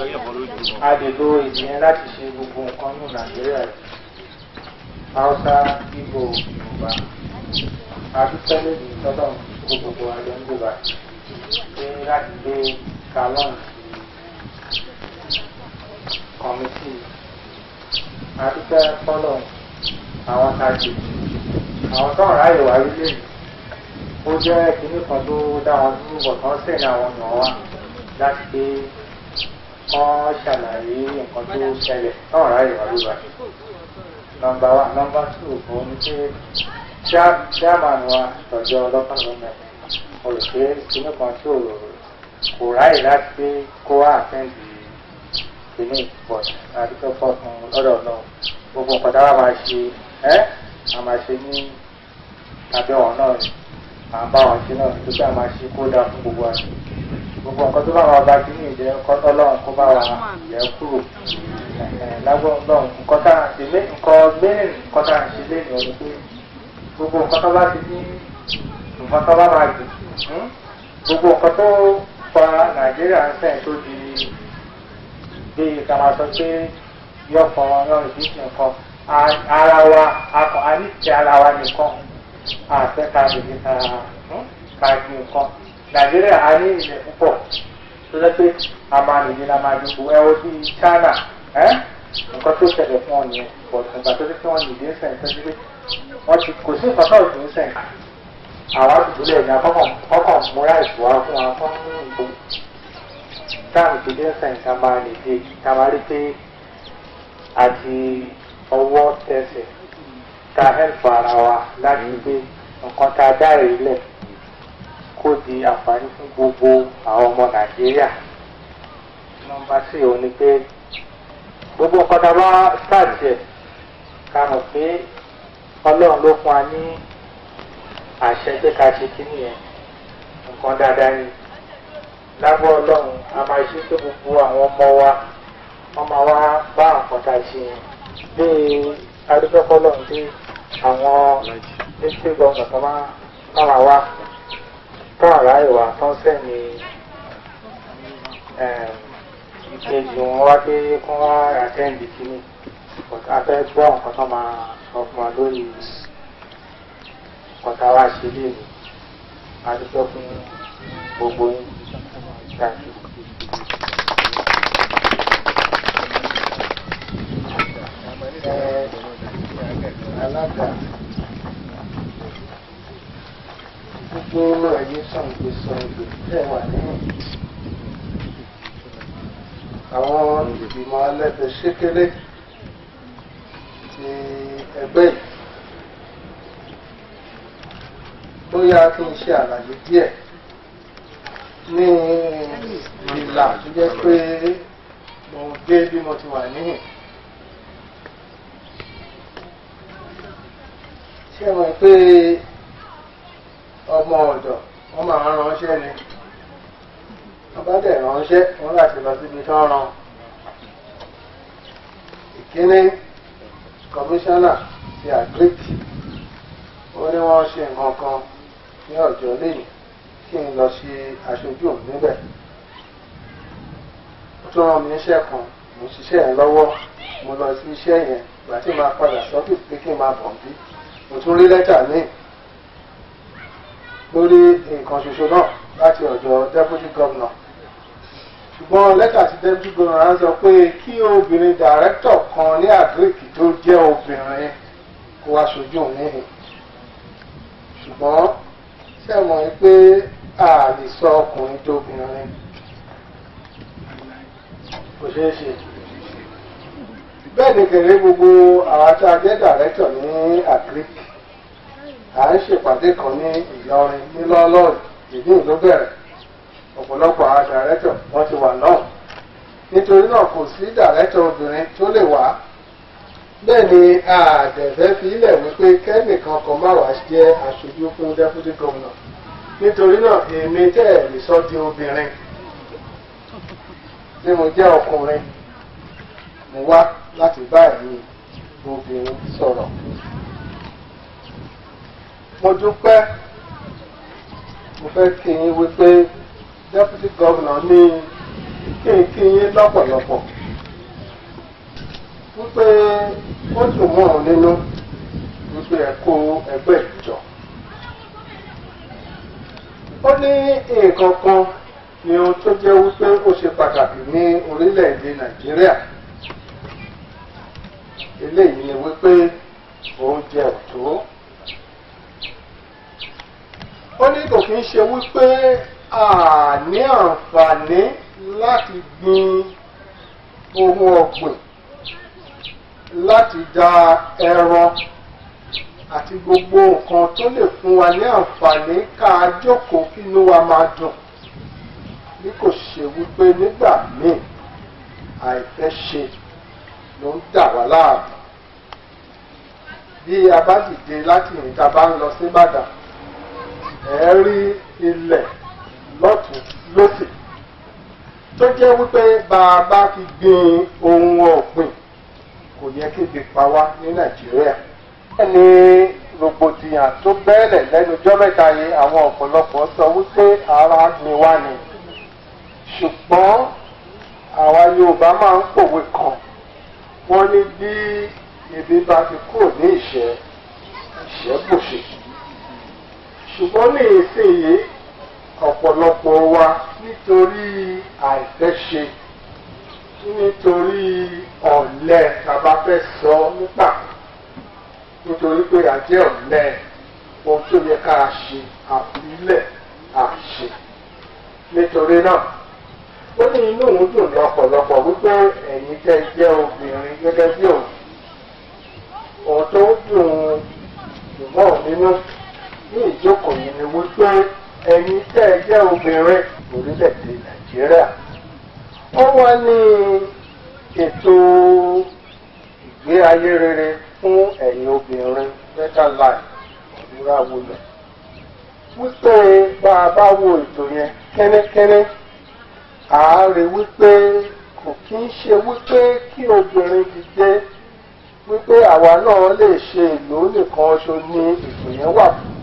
a lè lo èdè yẹn láti ṣe gbogbo nǹkan ní nàìjíríà haúsá ibo yorùbá àdúpẹ́ lèdè tọ́lọ̀ gbogbo àjọ ń gbòbà pé láti gbé kalọ́n kọ́mítì àdúpẹ́ tọ́lọ̀ àwọn tàjì àwọn tó ń ráyè wá rí lèyìn ó jẹ́ kínní kan tó dá wọn dúró bọ̀ tán sẹ́yìn àwọn ọ̀nà wa láti gbé wọ́n ṣàlàyé nǹkan tó ṣẹlẹ̀ náà ráyè wá ló bá nọmba wa nọmba two òun ni pé chairman wa tọ̀jọ́ ọlọ́pàá lọ́mọ mo rò pé kinní kan tí ò kò ráyè láti pé kó wá àtẹ́ǹdì kinní but àdúgbò pọ̀ fún lọ́dọ̀ náà gbogbo nǹkan tá a máa ṣe ẹ́ a máa ṣe ní abẹ́ wọn náà à ń bá wọn ṣe náà tó bá máa ṣe kó dáa fún gbogbo àṣẹ gbogbo nǹkan tó bá wà bá kí ní ìjẹ́ nǹkan tọ́lọ́run kó bá wà yẹ kúrò lágbọ́n náà nǹkan tá à ń ṣe lé nǹkan gbẹ́rìn nǹkan tá à ń ṣe lé ní ọdún pé gbogbo nǹkan tó bá ti ní nǹkan tó bá máa gbìn hmm? gbogbo nǹkan tó fa nàìjíríà ń sẹ́yìn tó di bíi ká máa sọ pé yọ̀kan ọlọ́run ìdíje nǹkan ara wa akọ̀ àníṣe ara wa nìkan àfẹ́ ká lè hmm? ká ká ju nǹkan nàìjíríà a ní ilẹ̀ púpọ̀ tó jẹ́ pé a máa nìyí la máa dìbò ẹ bí china nǹkan tó ṣẹlẹ̀ fún ọ yẹn bọ̀tún ìgbà tó ti fún ọ nìyí ń sẹ̀yìn tó ti pé wọ́n ti kò sí nǹkan tó ti ń sẹ̀yìn àwọn àdúgbò ẹ̀yà kọ́kàn múra ìṣòwò fún wa fún ìbò táàmù tó dé ń sẹ̀yìn ká máa nìyí ká máa rí pé àti ọwọ́ tẹsẹ̀ ta ẹ̀fọ́ ara wa láti gbé nǹkan tá a dáre ilẹ̀ kó di àǹfààní fún gbogbo àwọn ọmọ nàìjíríà nọmba sí òun ni pé gbogbo nǹkan tá a bá ṣáàtì ẹ̀ ká mọ̀ pé ọlọ́run ló fún wa ní àṣẹ pé ká ṣe kí nìyẹn nǹkan dáadáa ni lábọ́ ọlọ́run a máa ṣe pé gbogbo àwọn ọmọ wa wọ́n máa wá bá nǹkan tá a ṣe yẹn bíi adúgbò kọ́lọ́run bíi àwọn district governor kan máa wá tán àráìwá tán sẹ́ni ìkejì wọn wá pé kí wọ́n àtẹ́ǹdì kínní afẹ́ gbọ́ nǹkan tán máa sọ fún wa lórí ọ̀tá wa ṣe lè ní adúgbò fún gbogbo yín dájú. 经络与上节生理在晚年。àwọn ìgbìmọ̀ alẹ́bẹ̀ ṣékélé ti ẹgbẹ́ yìí bóyá kí n ṣe àlàyé díẹ̀ ní ìlà tó jẹ́ pé mo gbé bí mo ti wà níhìn. ṣé ẹ mọ̀ pé ọmọ ọ̀dọ̀ wọ́n máa ránṣẹ́ ni wọ́n bá dẹ̀ ránṣẹ́ wọ́n láti lọ síbi tó ràn ìkíní kọmíṣánná ti àgíríkì ó ní wọ́n ṣe nǹkan kan ní ọjọ́ lẹ́yìn kí n lọ sí aṣojú níbẹ̀ ó tún rán mi níṣẹ́ kan mo ṣiṣẹ́ yẹn lọ́wọ́ mo lọ sí iṣẹ́ yẹn ìgbà tí màá padà sọ́kì pé kí n máa bọ̀ bí mo tún rí lẹ́tà míì lórí nǹkan ṣoṣo náà láti ọ̀dọ̀ deputy governor ṣùgbọ́n lẹ́tà tí deputy governor sọ pé kí obìnrin director kan ní agric tó jẹ́ obìnrin kó wá ṣojú òun nìyí ṣùgbọ́n sẹ́wọ̀n ni pé a lè sọ ọkùnrin tó obìnrin kò ṣeé ṣe bẹ́ẹ̀ ni kẹ̀lé gbogbo àwọn tá a jẹ́ director ní agric à ń ṣèpàdé kan ní Ìlọrin ní lọ́lọ́ọ̀dù ìdí ìlú bẹ̀rẹ̀ ọ̀pọ̀lọpọ̀ àwọn dàrẹ́tọ̀ wọ́n ti wà náà nítorí náà kò sí dàrẹ́tọ̀ obìnrin tó lè wá bẹ́ẹ̀ ni àdẹ̀fẹ́ fi ilẹ̀ wípé kẹ́nìkan kan má wàá jẹ́ aṣojú fún dẹ́pútì gómìnà nítorí náà èmi tẹ́ ẹ̀ lè sọ di obìnrin tí mo jẹ́ ọkùnrin mo wá láti bá ẹ̀yin obìnrin sọ̀rọ̀ mo dúpẹ́ mo fẹ́ kí yín wípé deputy governor ní kí n kí yín lọ́pọ̀lọpọ̀ wípé ó dùn mọ́ òun nínú wípé ẹ kó ẹgbẹ́ ìjọ. ó ní nǹkan kan ni ohun tó jẹ́ wípé ó ṣe pàtàkì ní orílẹ̀-èdè nàìjíríà eléyìí ni wípé òun jẹ òtó ó ní kò kí ń ṣe wípé a ní àǹfààní láti gbin ohun ọ̀gbìn láti da ẹran àti gbogbo nǹkan tó lè fún wa ní àǹfààní ká a jókòó kí inú wa máa dùn bí kò ṣe wípé nígbà míì àìfẹ́ ṣe ló ń dà wá láàbù bí a bá dìde láti ìrìn tá bá ń lọ sí Ìbàdàn ẹ̀ rí ilẹ̀ lọ́tún lósì tó jẹ́ wípé bá a bá fi gbin ohun ọ̀gbìn kò yẹ kébi pa wá ní nàìjíríà. ẹni rògbòdìyàn tó bẹ́ẹ̀lẹ̀ lẹ́nujọ́ mẹ́ta yìí àwọn ọ̀pọ̀lọpọ̀ sọ wípé ara ni wá ni ṣùgbọ́n àwa yorùbá máa ń pòwe kan wọ́n ní bí ebi bá ti kúrò ní ìṣẹ́ ìṣẹ́ bòṣe ṣùgbọ́n ní èsè yìí ọ̀pọ̀lọpọ̀ wa nítorí àìfẹ́ṣe nítorí ọ̀lẹ tàbá fẹ́ sọ nípa nítorí pé àjẹ́ ọ̀lẹ ohun tó yẹ ká ṣe àfilẹ̀ àṣe nítorí náà ó ní inú òun dùn lọ́pọ̀lọpọ̀ wípé ẹ̀yin tẹ́ jẹ́ obìnrin gẹ́gẹ́ bí òun òun tó dùn ìmọ̀ nínú ní ìjókòó yìí ni wípé ẹ̀yin tẹ́ ẹ jẹ́ obìnrin orílẹ̀-èdè nàìjíríà ó wá ní ètò ìgbé ayé rere fún ẹ̀yin obìnrin better life ọ̀dúnrà wọlé wípé bá a bá wo ètò yẹn kẹ́nẹ́kẹ́nẹ́ à á rí wípé kò kí ń ṣe wípé kí obìnrin dìde wípé àwa náà lè ṣe ìlú nìkan ṣo ni ètò yẹn wà fún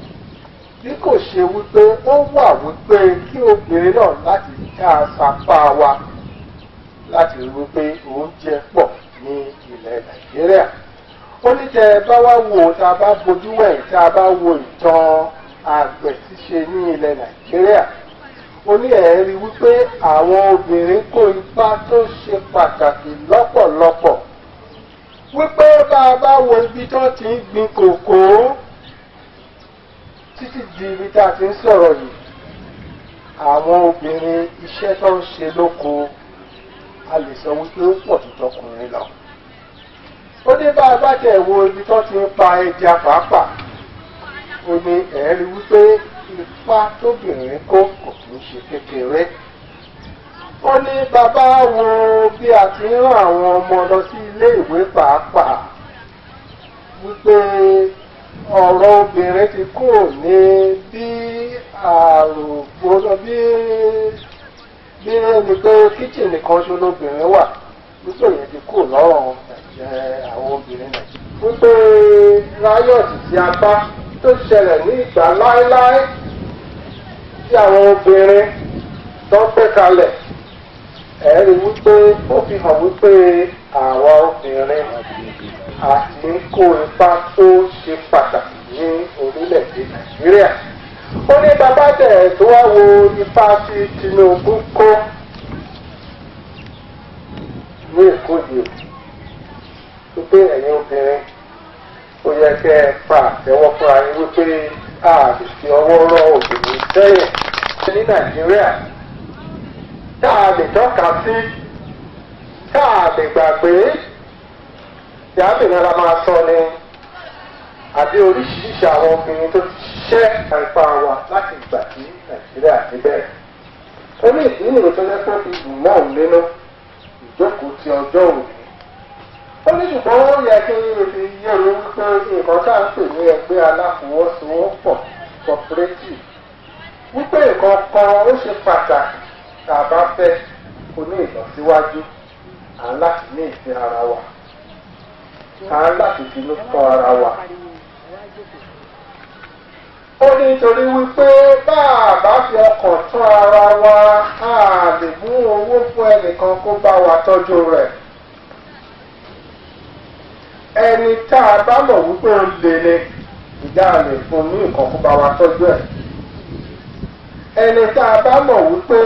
bí kò ṣe wípé ó wà wípé kí obìnrin náà láti ká sapá wa láti rí wípé oúnjẹ pọ̀ ní ilẹ̀ nàìjíríà ó ní tẹ bá wá wo tá a bá bojú wẹ̀yìn tá a bá wo ìtàn àgbẹ̀ ṣíṣe ní ilẹ̀ nàìjíríà oní ẹ̀rí wípé àwọn obìnrin kó ipa tó ṣe pàtàkì lọ́pọ̀lọpọ̀ wípé bá a bá wo ibi tó ti ń gbin kòkó títí di ibi tá a ti ń sọ̀rọ̀ yìí àwọn obìnrin iṣẹ́ tó ń ṣe lóko a lè sọ wípé ó pọ̀ ju tọkùnrin lọ. ó ní bá a bá tẹ̀ wo ibi tó ti ń pa ẹja pàápàá ó ní ẹ̀ẹ́rí wípé ipa tóbìnrin kó kò kì í ṣe kékeré. ó ní bàbá wo bí a ti ń rán àwọn ọmọ lọ sí ilé ìwé pàápàá wípé. ọ̀rọ̀ obìnrin ti kò ní bí àrògbó bí bí ẹni pé kíchìn nìkan ṣo lóbìnrin wà nítorí ti kò lọ́rọ̀ àwọn obìnrin náà. wípé ráyọ̀tì ti apá tó ṣẹlẹ̀ ní ìgbà láéláé tí àwọn obìnrin tó pẹ́ kalẹ̀ wípé ó àlékò ipa tó ṣe pàtàkì ní orílẹ̀-èdè nàìjíríà ó ní bàbá dẹ̀ tó wá wo ipa tí tinubu kó ní èkó yìí o wípé ẹ̀yin obìnrin ó yẹ kẹ́ ẹ pa àtẹ́wọ́ fúnra yín wípé a lè fi ọwọ́ rọ obìnrin sẹ́yìn ní nàìjíríà tá a lè tọ́ka sí tá a lè gbàgbé tí ábìnrin la máa sọ ni àbí oríṣiríṣi àwọn obìnrin tó ti ṣiṣẹ́ àìpa wa láti ìgbà tí nàìjíríà ti bẹ̀rẹ̀. ó ní ìdí nìyẹn tó lẹ́sẹ̀ fi dùn mọ́ òun nínú ìjókòó ti ọjọ́ òní. ó ní ṣùgbọ́n ó yẹ kí ebi yé mi wípé nǹkan tá à ń pè ní ẹgbẹ́ aláfọwọ́sowọ́pọ̀ cooperative wípé nǹkan kan ó ṣe pàtàkì tá a bá fẹ́ oní ìlọsíwájú à ní ìfẹ́ ara wa. à ń láṣìṣe ló fọ ara wa. ó ní nítorí wípé bá a bá fi ọkàn tún ara wa a lè mú owó fún ẹnìkan kó bá wa tọ́jú rẹ̀. ẹni tá a bá mọ̀ wípé ó lè ní ìjà lè fún ní nǹkan kó bá wa tọ́jú ẹ̀ ẹni tá a bá mọ̀ wípé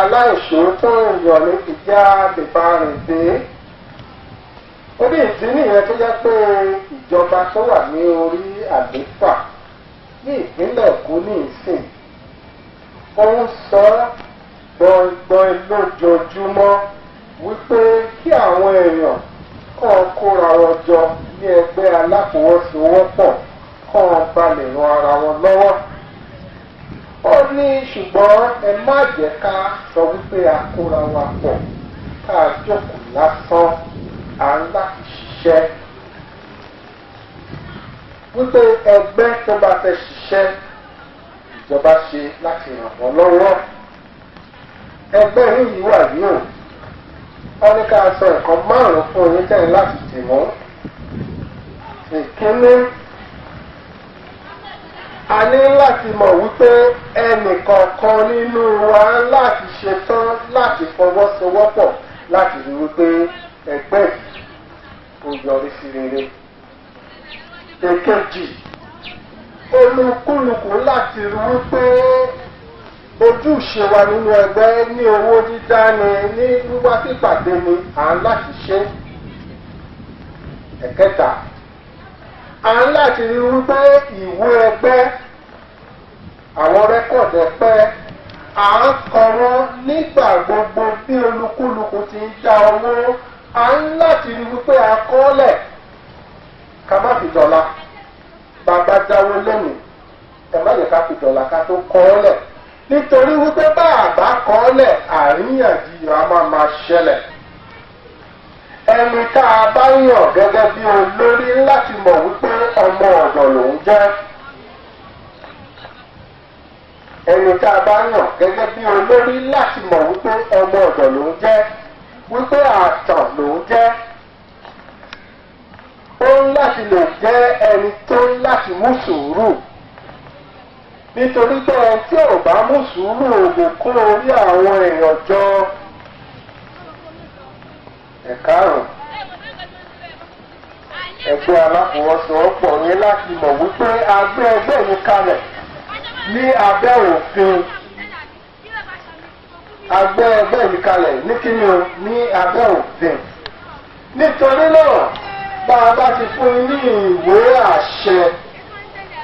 aláìṣòótọ́ èèyàn ló ti já lè rìn dé orí ìdí nìyẹn tó yẹ pé ìjọba tó wà ní orí àlééfà ní ìpínlẹ̀ Èkó ní ìsìn ó ń sọ gbọ̀ngbọ̀n lójoojúmọ́ wípé kí àwọn èèyàn kàn kóra wọn jọ ní ẹgbẹ́ aláfọwọ́sowọ́pọ̀ kàn ara wọn lọ́wọ́ ó ní ṣùgbọ́n ẹ má jẹ́ ká sọ wípé a kóra wa pọ̀ ká jókòó lásán. à ń láti ṣiṣẹ́ wípé ẹgbẹ́ tó bá fẹ́ ṣiṣẹ́ ìjọba ṣe láti ràn wọ́n lọ́wọ́ ẹgbẹ́ yìí wà yóò wọ́n ní ká sọ nǹkan márùn-ún fún yín tẹ̀yìn láti dì wọ́n ìkíní a ní láti mọ̀ wípé ẹnìkọ̀ọ̀kan nínú wa láti ṣetán láti fọwọ́sowọ́pọ̀ láti rí wípé ẹgbẹ́ yìí yọrí sí rere. èkejì olúkúlùkù láti rí wípé ojúṣe wa nínú ẹgbẹ́ ní owó dídá ni ní wíwá pípàdé ni à ń láti ṣe. ẹ̀kẹta à ń láti rí wípé ìwé ẹgbẹ́ àwọn rẹ́kọ̀dì ẹgbẹ́ à ń kọ wọn nígbà gbogbo bí olúkúlùkù ti ń dá owó. a ń láti rí wípé akọ́ọ́lẹ̀ ká má fi dọ̀la bàbá jáwó lónìí ẹ má yẹ ká fi dọ̀la ká tó kọ́ọ́lẹ̀ nítorí wípé bàbá kọ́ọ́lẹ̀ àríyànjiyàn á máa máa ṣẹlẹ̀ ẹni tá a bá yàn gẹ́gẹ́ bí olórí láti mọ̀ wípé ọmọ ọ̀dọ̀ lòún jẹ́ ẹni tá a bá yàn gẹ́gẹ́ bí olórí láti mọ̀ wípé ọmọ ọ̀dọ̀ lòún jẹ́. wípé a ló ń jẹ́ ó ń láti lè jẹ́ ẹni tó ń láti mú sùúrù nítorí pé ẹni tí ò bá mú sùúrù ògùn kó orí àwọn èèyàn jọ ẹ̀ka rùn ẹgbẹ́ aláfọwọ́sowọ́pọ̀ láti mọ̀ wípé agbẹ́ ẹgbẹ́ mi kalẹ̀ ní abẹ́ agbẹ́ ẹgbẹ́ yìí kalẹ̀ ní kíni o ní abẹ́ òfin nítorí náà bá a bá ti fún ní ìwé àṣẹ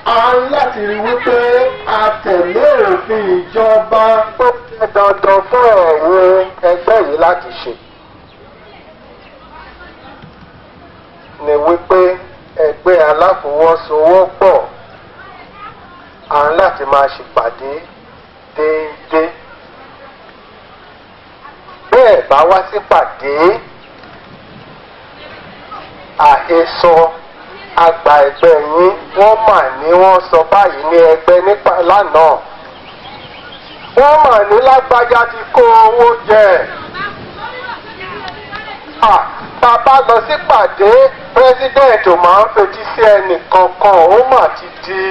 a ń láti rí wípé a tẹ̀lé òfin ìjọba tó jẹ́ dandan fún ẹ̀wọ̀n ẹgbẹ́ yìí láti ṣe. ni wípé ẹgbẹ́ aláfọwọ́sowọ́pọ̀ à ń láti máa ṣèpàdé ẹ̀ bá wá sí pàdé àhesọ àgbà ẹgbẹ́ yín wọ́n mà ní wọ́n sọ báyìí ní ẹgbẹ́ nípa lánàá wọ́n mà ní lágbájá ti kó owó jẹ bàbá lọ sí pàdé president ò máa ń fetí sí ẹnì kankan ó mà ti di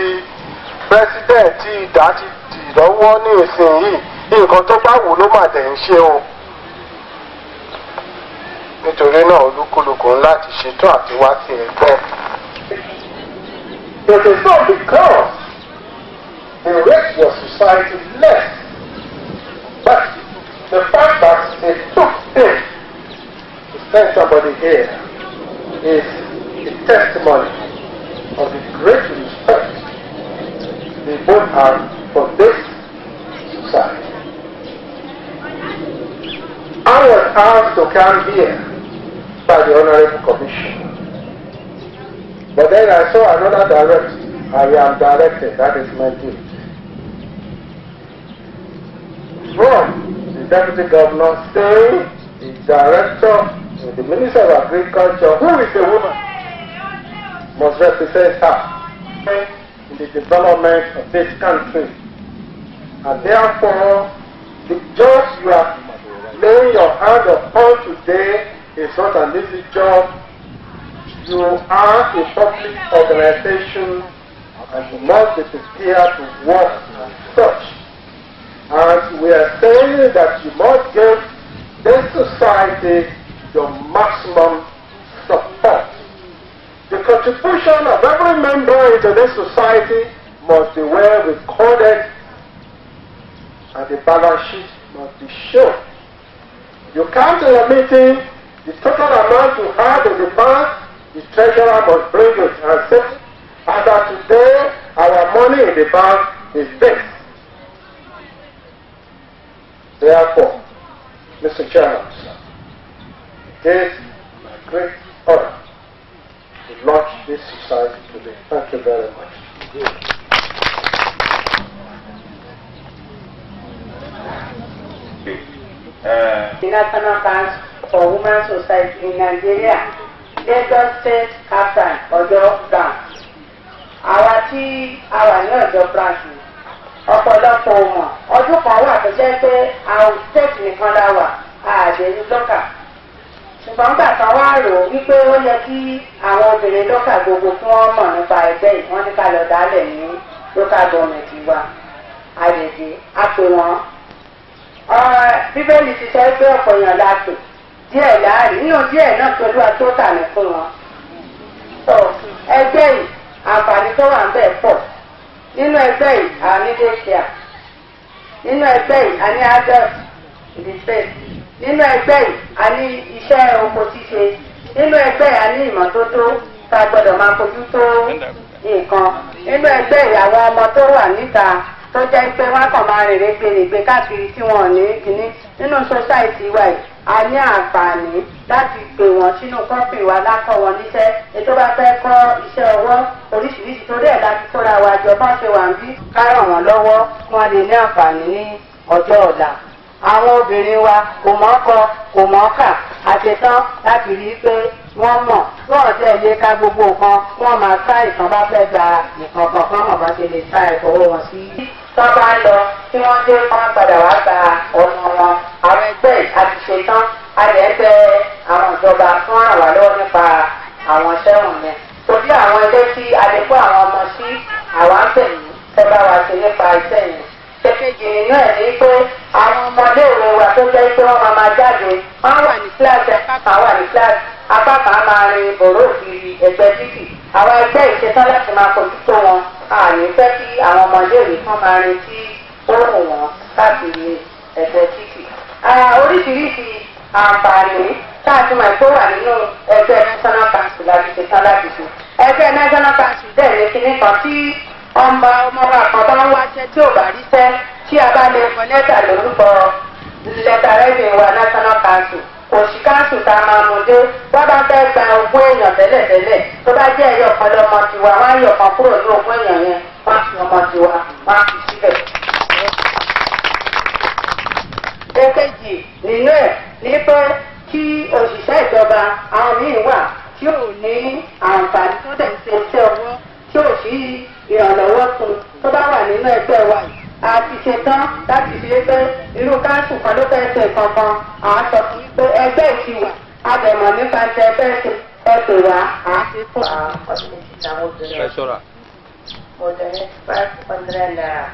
president ìdá ti dì lọ́wọ́ ní ìsinyìí nǹkan tó bá wù ló mà dẹ̀ ń ṣe o nítorí náà olúkúlùkù láti ṣetán àti wá sí ẹgbẹ́. It is not because they rate your society less, but the fact that they took things to send somebody here is a testimony of the great respect they both have for this society. I was asked to come here by the Honorable Commission. But then I saw another director. I am directed that is my duty. From the Deputy Governor, staying the Director of the Minister of Agriculture, who is a woman, must represent her in the development of this country. And therefore, the judge, you are laying your hand upon today not an easy job. You are a public organization and you must be prepared to work as such. And we are saying that you must give this society your maximum support. The contribution of every member into this society must be well recorded and the balance sheet must be shown. You come to the meeting the total amount you have in the bank, the treasurer must bring it and say, as of today, our money in the bank is this. Therefore, Mr. Chairman, this great honor to launch this society today. Thank you very much. Uh, the National Bank for Women Society in Nigeria, Lagos State Captain Ọjọ́ Branch. awa tí a wà ní Ọjọ́ Branch ọ̀pọ̀lọpọ̀ mọ̀ ọdún kan jẹ́ pé àwọn nìkan la wà àdéhùn lọ́kà. Ṣùgbọ́n wípé ó yẹ kí àwọn obìnrin lọ́kà gbogbo fún wọ́n nípa ẹgbẹ́ dálẹ̀ ní Bíbélì díẹ̀ láàrin nínú díẹ̀ náà pẹ̀lú atọ́ta ní fún wọn. sọ ẹgbẹ́ yìí àǹfààní tó wà ń bẹ̀ pọ̀ nínú ẹgbẹ́ yìí nínú ẹgbẹ́ yìí àní nínú ẹgbẹ́ yìí àní iṣẹ́ oko ṣíṣe nínú ẹgbẹ́ yìí àní ìmọ́tótó a gbọ́dọ̀ máa fojú tó nínú ẹgbẹ́ yìí àwọn ọmọ tó wà níta tó jẹ́ pé wọ́n kàn máa káàkiri tí wọ́n ò ní kíní nínú a ní àǹfààní láti pè wọ́n sínú kọ́pìn wa lákọ̀ wọn níṣẹ́ ètò bá fẹ́ kọ́ iṣẹ́ ọwọ́ oríṣiríṣi tó dẹ̀ láti tóra wa jọ bá ṣe wà ń bí ká ràn wọ́n lọ́wọ́ kí wọ́n lè ní àǹfààní ní ọjọ́ ọ̀la àwọn obìnrin wa kò mọ́kọ kò mọ́kà àṣetán láti rí i pé wọ́n mọ̀ wọ́n tẹ̀lé ká gbogbo nǹkan wọ́n máa ká ìkan bá fẹ́ gba ìkan kankan hàn bá ṣe lè ta ìfọwọ́ wọn sí tó bá ń lọ kí wọ́n dé wọ́n padà wá gba ọ̀nà wọn àwọn ẹgbẹ́ àti ṣetán alẹ́ ẹgbẹ́ àwọn ìjọba fún ràn wá lọ́wọ́ nípa àwọn sẹ́wọ̀n yẹn torí àwọn ẹgbẹ́ tí adékọ́ àwọn ọmọ sí àwọn àbẹ̀yìn tẹ́ bá wa ṣe nípa iṣẹ́ yẹn ṣèkejì nínú ẹ̀ ní pé àwọn ọmọdé ìwé wa tó jẹ́ pé wọ́n máa máa jáde wọ́n wà ní kíláàsì apá kan máa rin bọ̀rọ̀ òfìrí ẹgbẹ́ títì àwọn ẹgbẹ́ ìṣetán láti máa kọjútó wọn àní fẹ́ kí àwọn ọmọdéèrè kan máa rin sí ohùn wọn káàkiri ẹgbẹ́ títì. oríṣiríṣi àǹfààní káàtì máa tó wà nínú ẹgbẹ́ national council láti ṣetán láti ṣe. ẹgbẹ́ national council dẹ̀ ní kinní kan tí ọmọ ọmọ wa ń wáṣẹ́ tí ò bá ríṣẹ́ tí a bá lè fún lẹ́tà lórúkọ lẹ́tà rẹ́bìn wa national council kò sí council tá a máa mú dé tẹ́lẹ̀ tó bá jẹ́ ẹ̀yọ̀ kan lọ́mọ tiwa wọ́n á yọ̀ kan kúrò ní ogún èèyàn yẹn wọ́n á fi ọmọ tiwa wọ́n á fi síbẹ̀. èkejì nínú ẹ̀ ní pé kí òṣìṣẹ́ ìjọba àwọn míì wà tí ò ní àǹfààní tó dẹ̀ ń ṣe iṣẹ́ ọwọ́ tí ò sí ìrànlọ́wọ́ fún tó bá wà nínú ẹgbẹ́ wa a ti ṣe tán láti fi pé irú káńsù kan ló fẹ́ ṣe kankan à sọ fún pé ẹgbẹ́ ìtiwà a nípa ẹgbẹ́ ìtiwà. Saya surat. Mau dari pas penderana.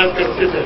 इंतजार करते थे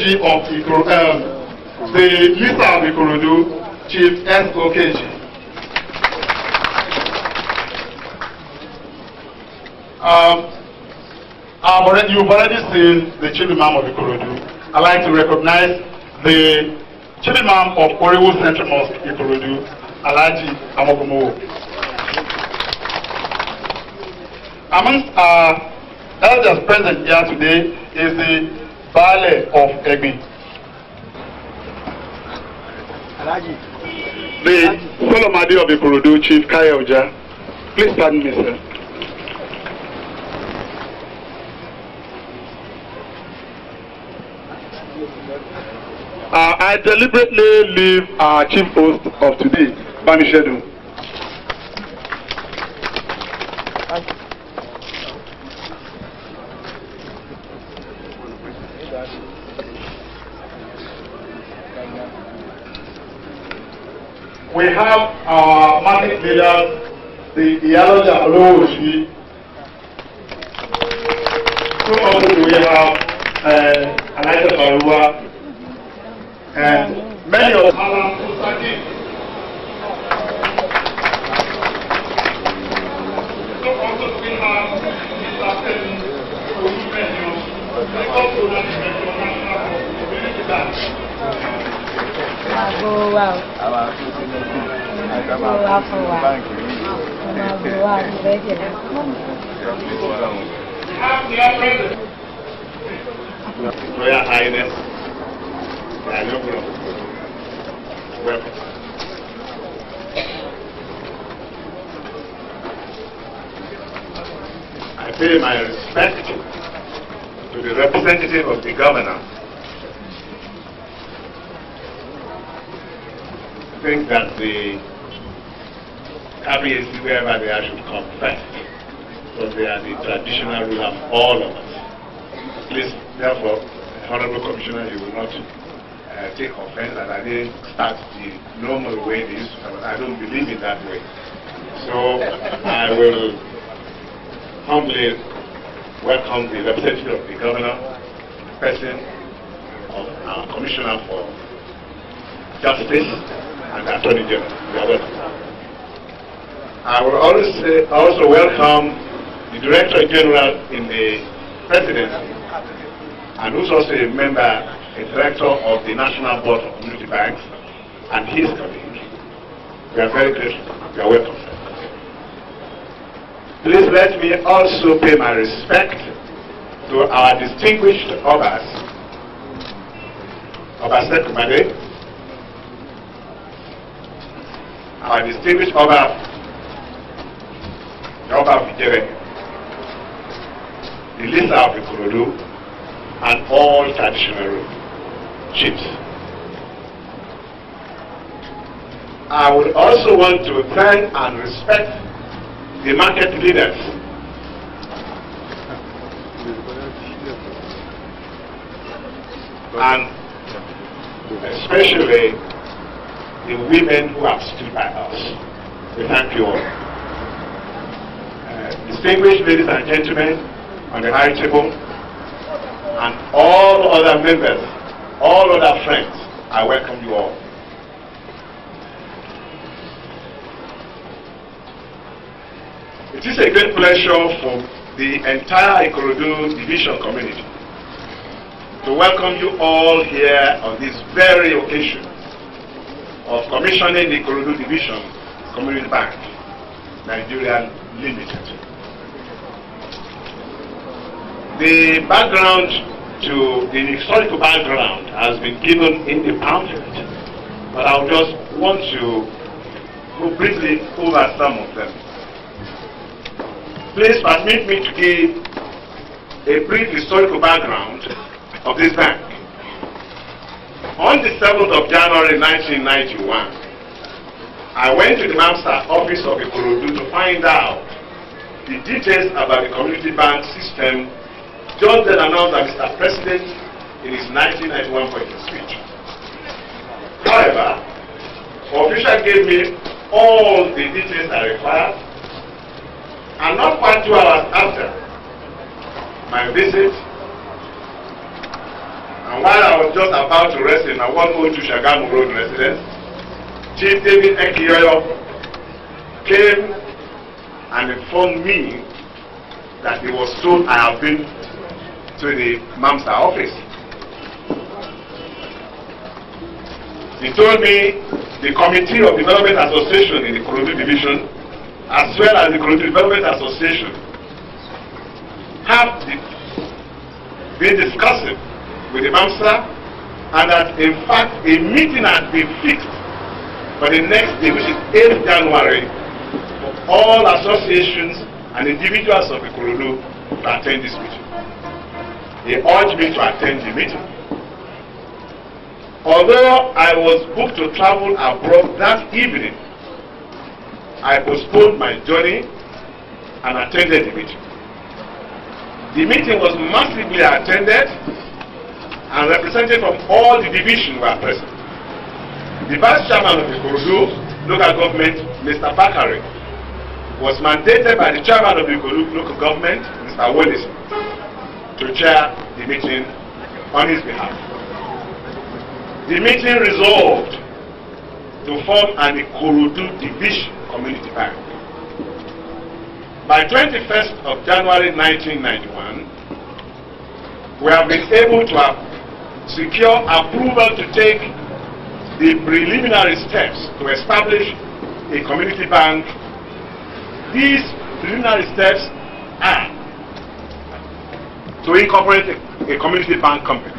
SOKG of Ikoro, um, the leader of Ikorodu, Chief SOKG. Um, already, you've already seen the chief imam of Ikorodu. I'd like to recognize the chief imam of Korewo Central Mosque, Ikorodu, Alaji Amogumo. Amongst our elders present here today is the baálẹ̀ of ẹ̀gbìn. The Solomade of Ikorodu, Chief Kaya Oja, please stand me, sir. Uh, I deliberately leave our uh, chief host of today, Bami Shedun. we have our market leaders, the Iyaloja Olowoshi. Two of them we have uh, Elijah Barua and many of Alan Kusaki. So go out. go out go out Royal Highness, you. I pay my respect to the representative of the governor think that the army is wherever they are should come first, because they are the traditional ruler of all of us. Please, therefore, Honorable Commissioner, you will not uh, take offense that I didn't start the normal way this, I don't believe in that way. So I will humbly welcome the representative of the governor, the person of our commissioner for justice, and Attorney General. I will always also welcome the Director General in the Presidency, and who's also a member, a director of the National Board of Community Banks, and his colleagues. We are very grateful. You are welcome. Please let me also pay my respect to our distinguished Obas, Obasekumade, our distinguished Oba, Oba Fijere, the leader of Ikorodu, and all traditional chiefs. I would also want to thank and respect the market leaders and especially the women who have stood by us. We thank you all. Uh, distinguished ladies and gentlemen on the high table, and all other members, all other friends, I welcome you all. It is a great pleasure for the entire Ikorodu Division community to welcome you all here on this very occasion of commissioning the Korodu Division Community Bank, Nigeria Limited. The background to the historical background has been given in the pamphlet, but I just want to go briefly over some of them. Please permit me to give a brief historical background of this bank. On the 7th of January 1991, I went to the master office of Ikorodu to find out the details about the community bank system John then announced that Mr. President in his 1991 speech. However, official gave me all the details I required and not quite two hours after my visit and while I was just about to rest in a 102 Shagamu Road residence, Chief David Ekiyoyo came and informed me that he was told I have been to the MAMSA office. He told me the Committee of Development Association in the Kurudu Division, as well as the Kurudu Development Association, have been discussing with the Mamsa, and that in fact a meeting had been fixed for the next day, which is 8th January, for all associations and individuals of Ikorolu to attend this meeting. They urged me to attend the meeting. Although I was booked to travel abroad that evening, I postponed my journey and attended the meeting. The meeting was massively attended and representatives from all the divisions were present. The vice chairman of the Korudu local government, Mr. Bakare, was mandated by the chairman of the Korudu local government, Mr. Wallace, to chair the meeting on his behalf. The meeting resolved to form an Ikorodu Division Community Bank. By 21st of January 1991, we have been able to have secure approval to take the preliminary steps to establish a community bank. These preliminary steps are to incorporate a, community bank company,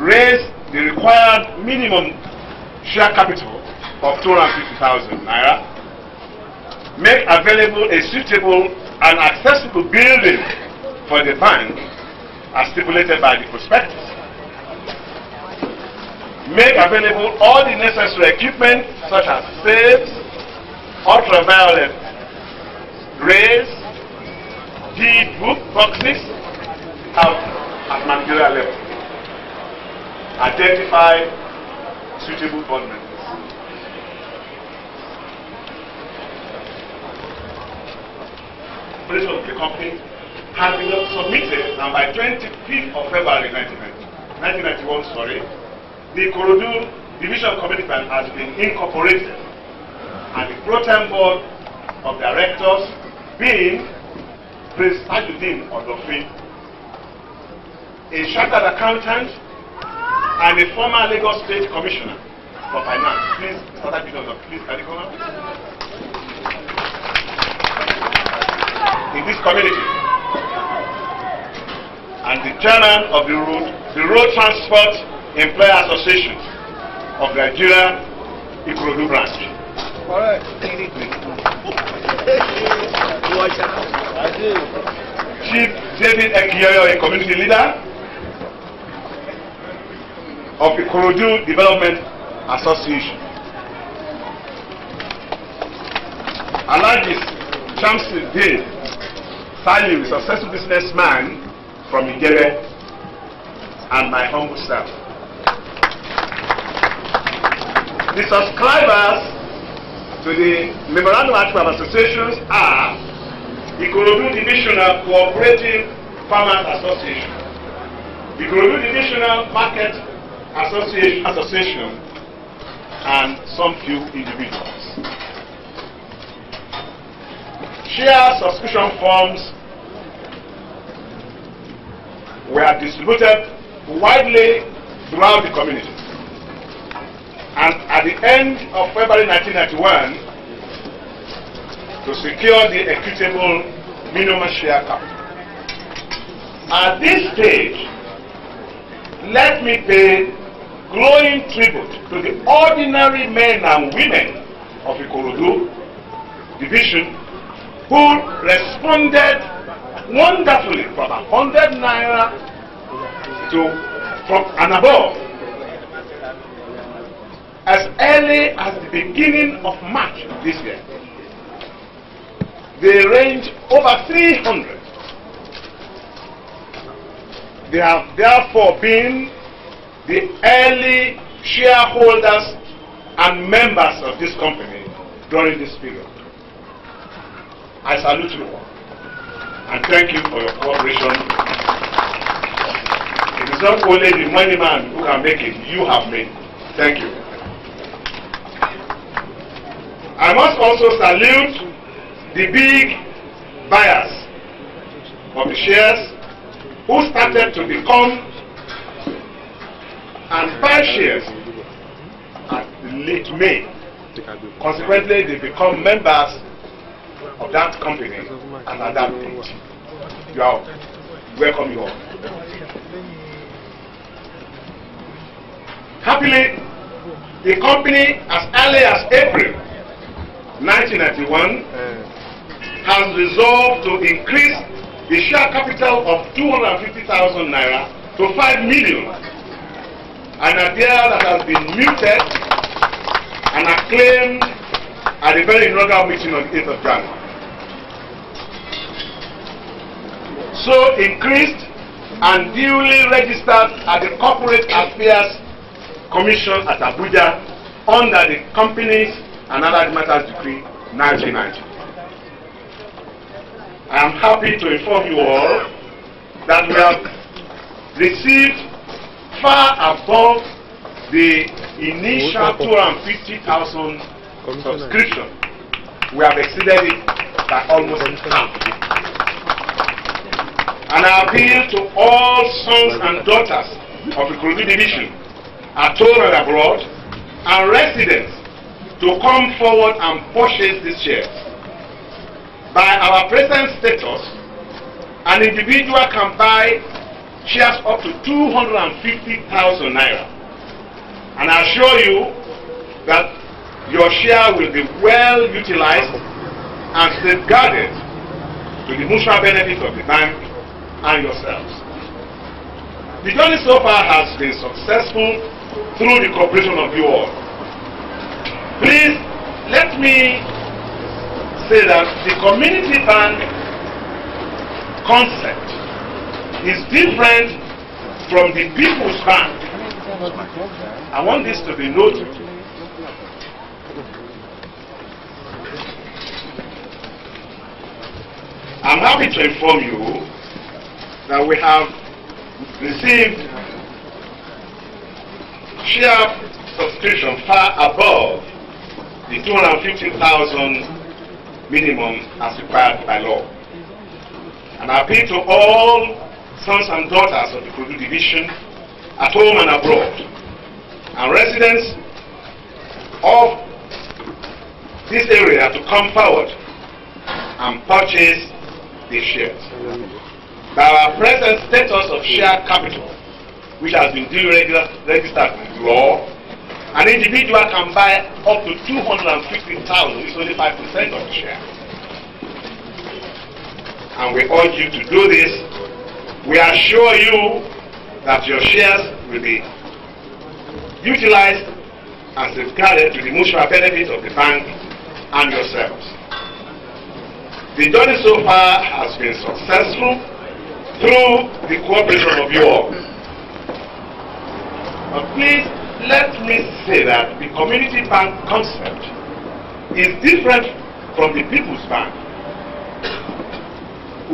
raise the required minimum share capital of 250,000 naira, make available a suitable and accessible building for the bank as stipulated by the prospectus. Make available all the necessary equipment such as safes, ultraviolet rays, deed book boxes out at managerial level. Identify suitable board members. President the company has been submitted and by 25th of February 1991, sorry, the Korodu Division Committee has been incorporated and the pro tem board of directors being Prince Tajuddin Odofi, a chartered accountant and a former Lagos State Commissioner for Finance. Please, Mr. Tajuddin please, can you come up? In this community, and the chairman of the road, the Road Transport Employer Association of Nigeria, Ikorodu branch. Chief David Ekiyoyo, a community leader of Ikorodu Development Association. Alagis Chamsuddin Salim, successful businessman from Idebe and my humble staff. The subscribers to the Memorandum Article of Associations are the Ikorodu Divisional Cooperative Farmers Association, the Ikorodu Divisional Market Association, Association, and some few individuals. Share subscription forms were distributed widely throughout the community. And at the end of February 1991, to secure the equitable minimum share capital. At this stage, let me pay glowing tribute to the ordinary men and women of Ikorodu division who responded wonderfully from 100 naira to from and above as early as the beginning of March this year. They range over 300. They have therefore been the early shareholders and members of this company during this period. I salute you all and thank you for your cooperation It's not only the money man who can make it. You have made it. Thank you. I must also salute the big buyers of the shares who started to become and buy shares at late May. Consequently, they become members of that company and at that point. You are welcome you all. Happily, the company as early as April 1991 has resolved to increase the share capital of 250,000 naira to 5 million. An idea that has been muted and acclaimed at the very inaugural meeting on the 8th of January. So increased and duly registered at the Corporate Affairs commission at Abuja under the Companies and Other Matters Decree 1990. I am happy to inform you all that we have received far above the initial 250,000 subscription. We have exceeded it by almost half. And I appeal to all sons and daughters of the Kogi division at home and abroad, and residents to come forward and purchase these shares. By our present status, an individual can buy shares up to 250,000 naira. And I assure you that your share will be well utilized and safeguarded to the mutual benefit of the bank and yourselves. The journey so far has been successful through the cooperation of you all. Please, let me say that the community bank concept is different from the people's bank. I want this to be noted. I'm happy to inform you that we have received share subscription far above the 250,000 minimum as required by law. And I appeal to all sons and daughters of the Kudu Division at home and abroad and residents of this area to come forward and purchase the shares. By our present status of share capital, which has been registered with law, an individual can buy up to 250,000, it's only 5% of the share. And we urge you to do this. We assure you that your shares will be utilized and safeguarded to the mutual benefit of the bank and yourselves. The journey so far has been successful through the cooperation of you all. But please, let me say that the community bank concept is different from the People's Bank.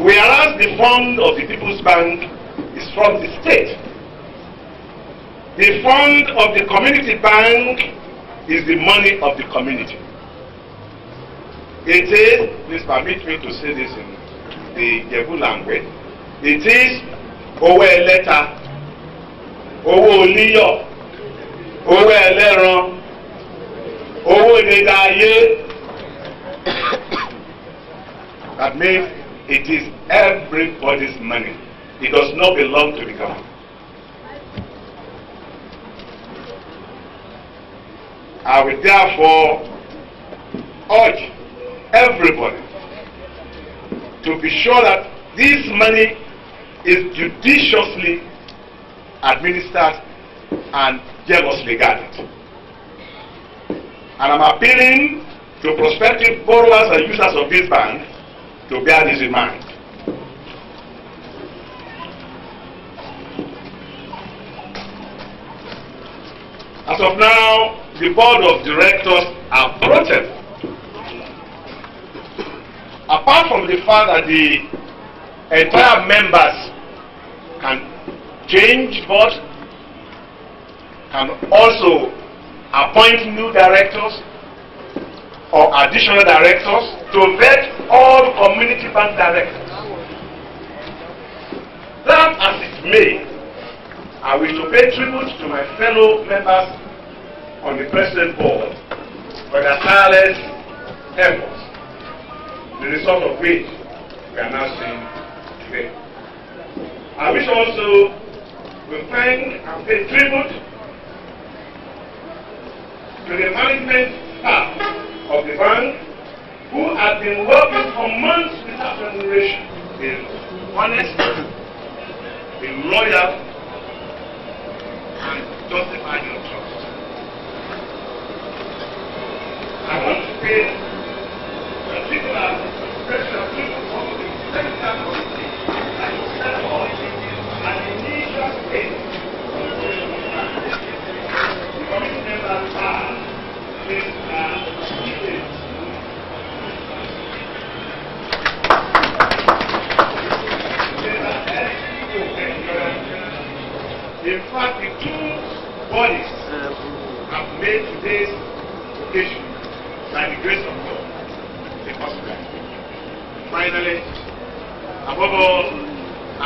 Whereas the fund of the People's Bank is from the state, the fund of the community bank is the money of the community. It is, please permit me to say this in the Yebu language, it is owe letter owó oníyọ̀ owó ẹlẹ́ran owó ìdèdà ayé that means it is everybody's money it does not belong to the government. I will therefore urge everybody to be sure that this money is judiciously administered, and jealously guarded. And I'm appealing to prospective borrowers and users of this bank to bear this in mind. As of now, the board of directors are bloated. Apart from the fact that the entire members can change board can also appoint new directors or additional directors to vet all community bank directors. That as it may, I wish to pay tribute to my fellow members on the present board for their tireless efforts, the result of which we are now seeing today. I wish also we thank and pay tribute to the management staff of the bank who have been working for months without remuneration. they honest, they loyal, and justify your trust. I want to pay particular special In fact, the two bodies um, have made today's occasion by the grace of God a possibility. Finally, above all,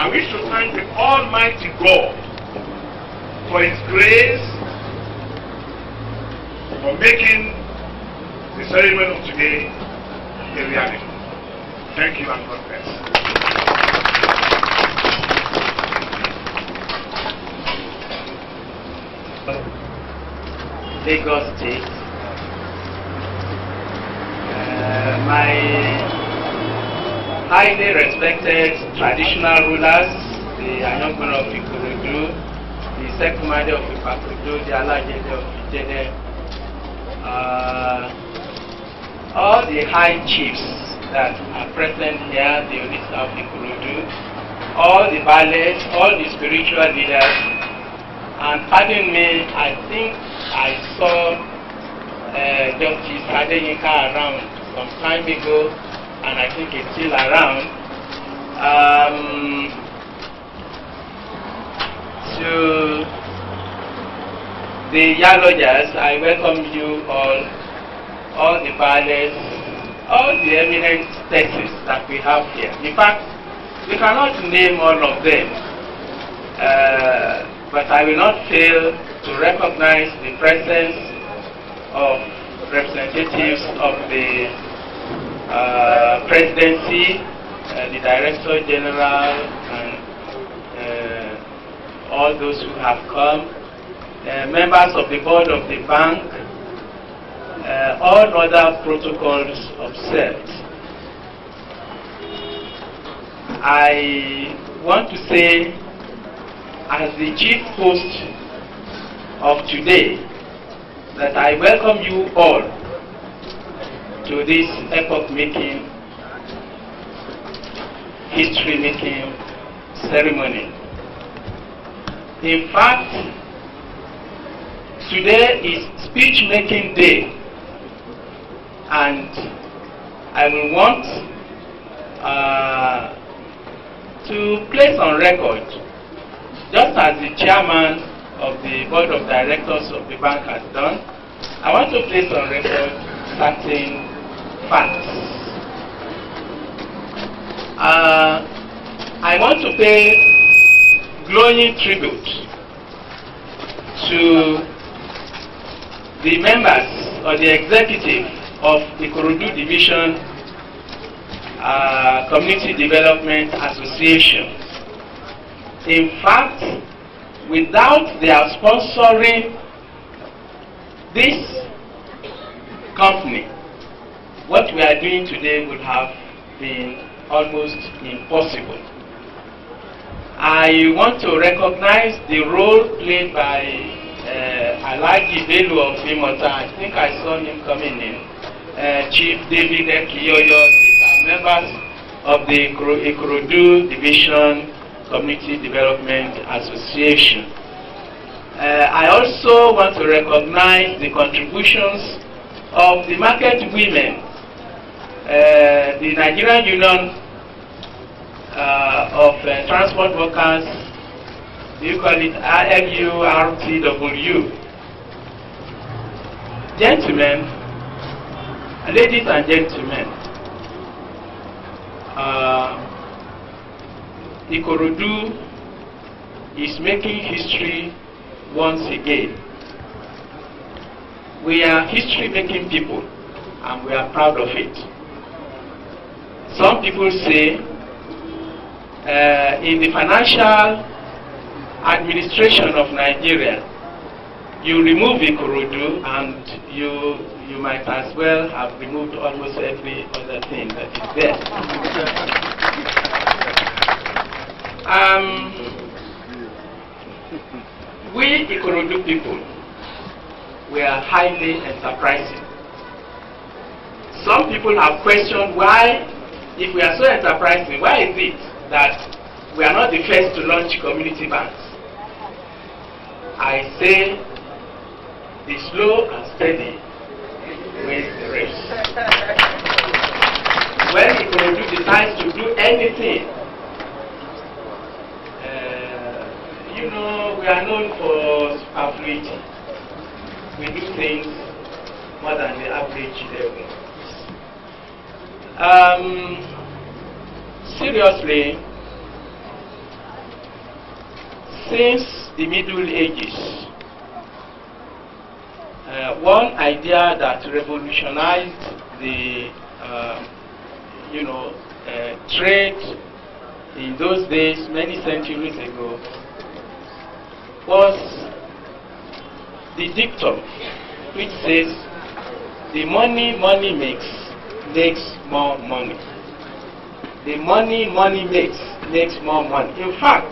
I wish to thank the Almighty God for His grace for making the ceremony of today a reality. Thank you and God bless. Lagos State. Uh, my highly respected traditional rulers, the Anyogun of Ikorodro, the Sekumade of Ipakodo, the Alajede of Ijede, uh, all the high chiefs that are present here, the Odisa of Ikorodro, all the ballets, all the spiritual leaders, and pardon me, I think I saw uh, Justice Adeyinka around some time ago, and I think he's still around. Um, to the Yalogers, I welcome you all, all the fathers, all the eminent texts that we have here. In fact, we cannot name all of them. Uh, but I will not fail to recognize the presence of representatives of the uh, presidency, uh, the director general, and uh, all those who have come, uh, members of the board of the bank, uh, all other protocols observed. I want to say as the chief host of today that I welcome you all to this epoch-making, history-making ceremony. In fact, today is speech-making day and I will want uh, to place on record just as the chairman of the board of directors of the bank has done, I want to place on record certain facts. Uh, I want to pay glowing tribute to the members or the executive of the Korodu Division uh, Community Development Association in fact, without their sponsoring this company, what we are doing today would have been almost impossible. I want to recognize the role played by uh, Alaji Belu of Imota. I think I saw him coming in. Uh, Chief David Ekiyoyo, these are members of the Ikurudu Division Community Development Association. Uh, I also want to recognize the contributions of the market women, uh, the Nigerian Union uh, of uh, Transport Workers, you call it IMURTW. Gentlemen, ladies and gentlemen, uh, Ikorodu is making history once again. We are history-making people, and we are proud of it. Some people say, uh, in the financial administration of Nigeria, you remove Ikorodu and you you might as well have removed almost every other thing that is there. Um, we Ikorodu people were highly enterprising. Some people have questioned why, if we are so enterprising, why is it that we are not the first to launch community banks? I say the slow and steady wins the race. when Ikorodu decides to do anything, you know, we are known for superfluity. We do things more than the average level. Um, seriously, since the Middle Ages, uh, one idea that revolutionized the, uh, you know, uh, trade in those days, many centuries ago, was the dictum which says the money money makes makes more money. The money money makes makes more money. In fact,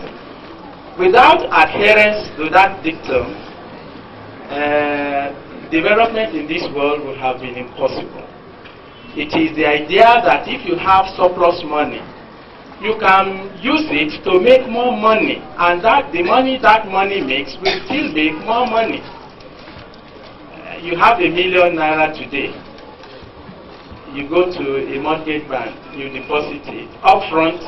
without adherence to that dictum, uh, development in this world would have been impossible. It is the idea that if you have surplus money, you can use it to make more money and that the money that money makes will still make more money. Uh, you have a million naira today. You go to a mortgage bank, you deposit it. Up front,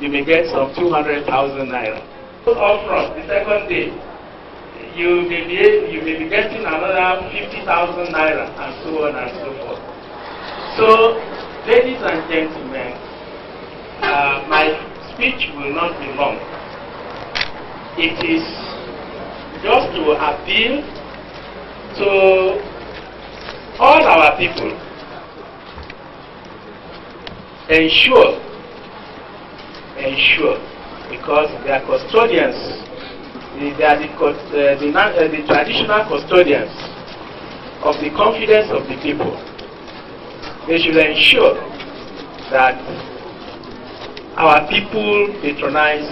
you may get some 200,000 naira. Up front, the second day, you may be, you may be getting another 50,000 naira and so on and so forth. So, ladies and gentlemen, uh, my speech will not be long. It is just to appeal to all our people ensure, ensure, because they are custodians, they are the, uh, the, uh, the traditional custodians of the confidence of the people. They should ensure that our people patronize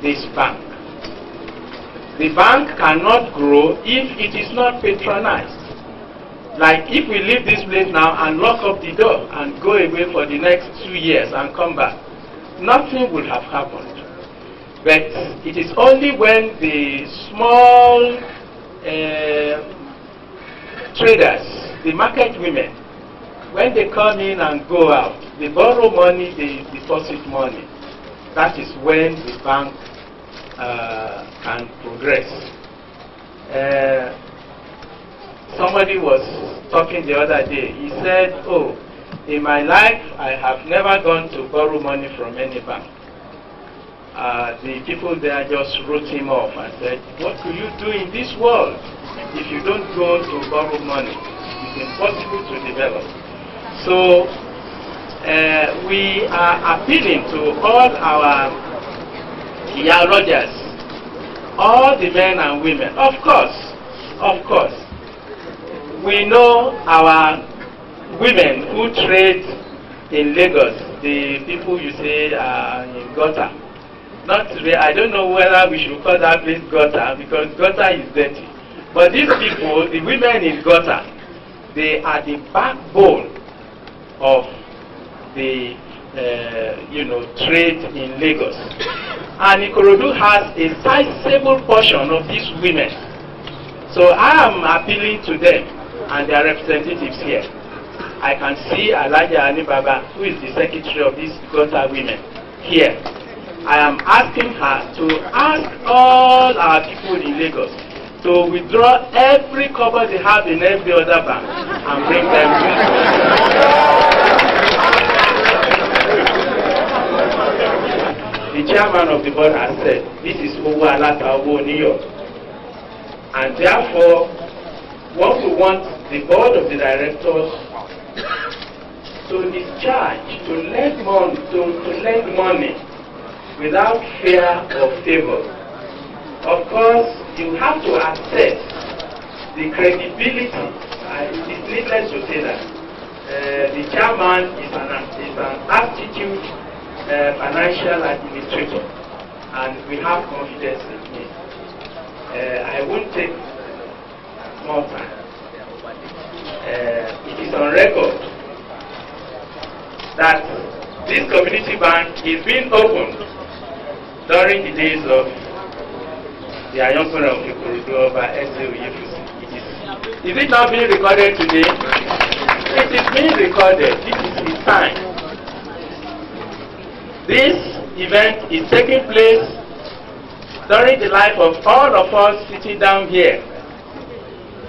this bank. The bank cannot grow if it is not patronized. Like if we leave this place now and lock up the door and go away for the next two years and come back, nothing would have happened. But it is only when the small uh, traders, the market women, when they come in and go out, they borrow money, they deposit money. That is when the bank uh, can progress. Uh, somebody was talking the other day. He said, oh, in my life, I have never gone to borrow money from any bank. Uh, the people there just wrote him off and said, what could you do in this world if you don't go to borrow money? It's impossible to develop. So uh, we are appealing to all our Kia all the men and women. Of course, of course, we know our women who trade in Lagos, the people you say are in gutter. Not I don't know whether we should call that place gutter because gutter is dirty. But these people, the women in gutter, they are the backbone of the uh, you know trade in Lagos. And Ikorodu has a sizable portion of these women. So I am appealing to them and their representatives here. I can see Alaja Anibaba, who is the secretary of these Gota women, here. I am asking her to ask all our people in Lagos to withdraw every cover they have in every other bank and bring them to the chairman of the board has said this is owó aláta owó oníyọ̀ and therefore what we want the board of the directors to discharge to lend money to, to lend money without fear or favour of course you have to assess the credibility uh, it is needless to say that uh, the chairman is an is an aptitude uh, financial administrator, and we have confidence in me. Uh, I won't take more time. Uh, it is on record that this community bank is being opened during the days of the announcement of the Ikorodu by S.A. Oyefusi. Is it not being recorded today? It is being recorded. This is his time. This event is taking place during the life of all of us sitting down here.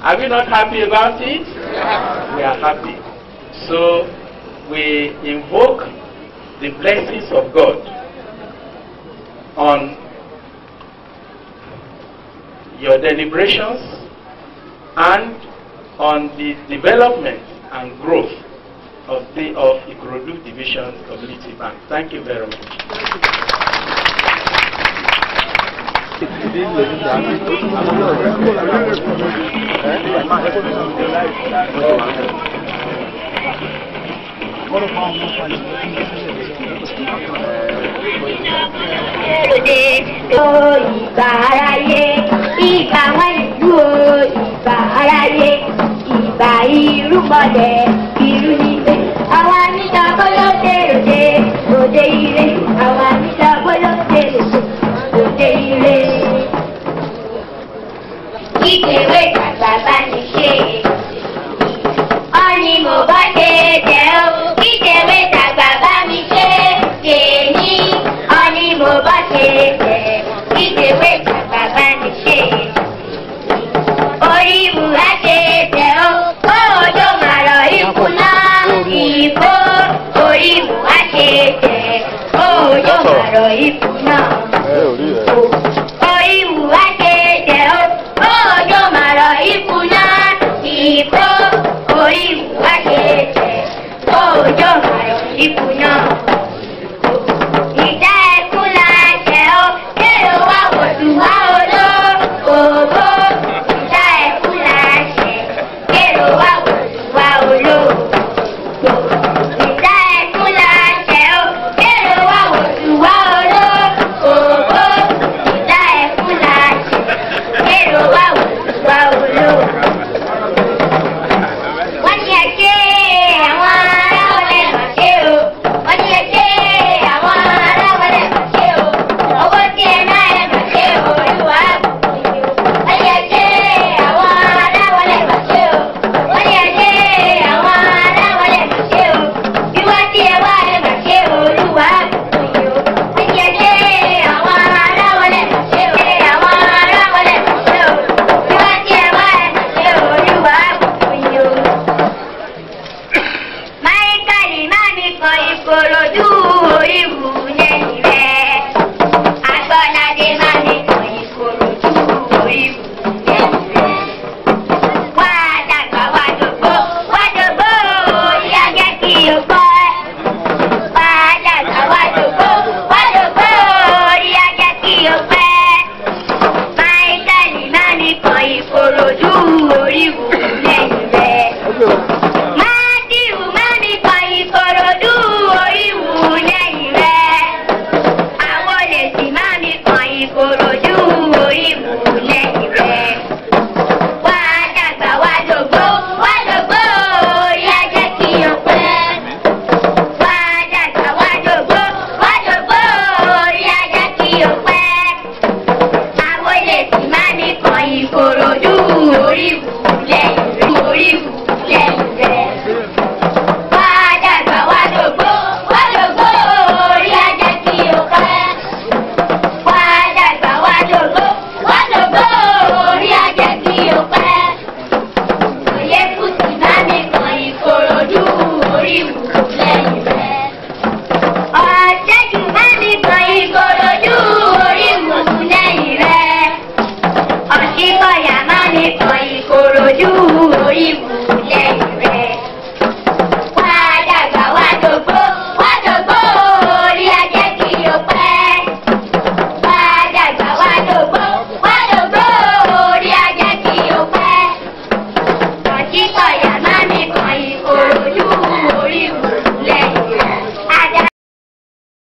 Are we not happy about it? Yeah. We are happy. So we invoke the blessings of God on your deliberations and on the development and growth of the of Ikorodu Division Community Bank. Thank you very much. Ìgbà aráyé, ìgbà wọn ìlú o, ìgbà aráyé bá irú bọ̀dẹ̀ irú nílé àwọn àníjà bọ́lọ́ dèròdè òde ire àwọn àníjà bọ́lọ́ dèròdè òde ire. kíkèwé ìgbàgbà bá ní ṣe é.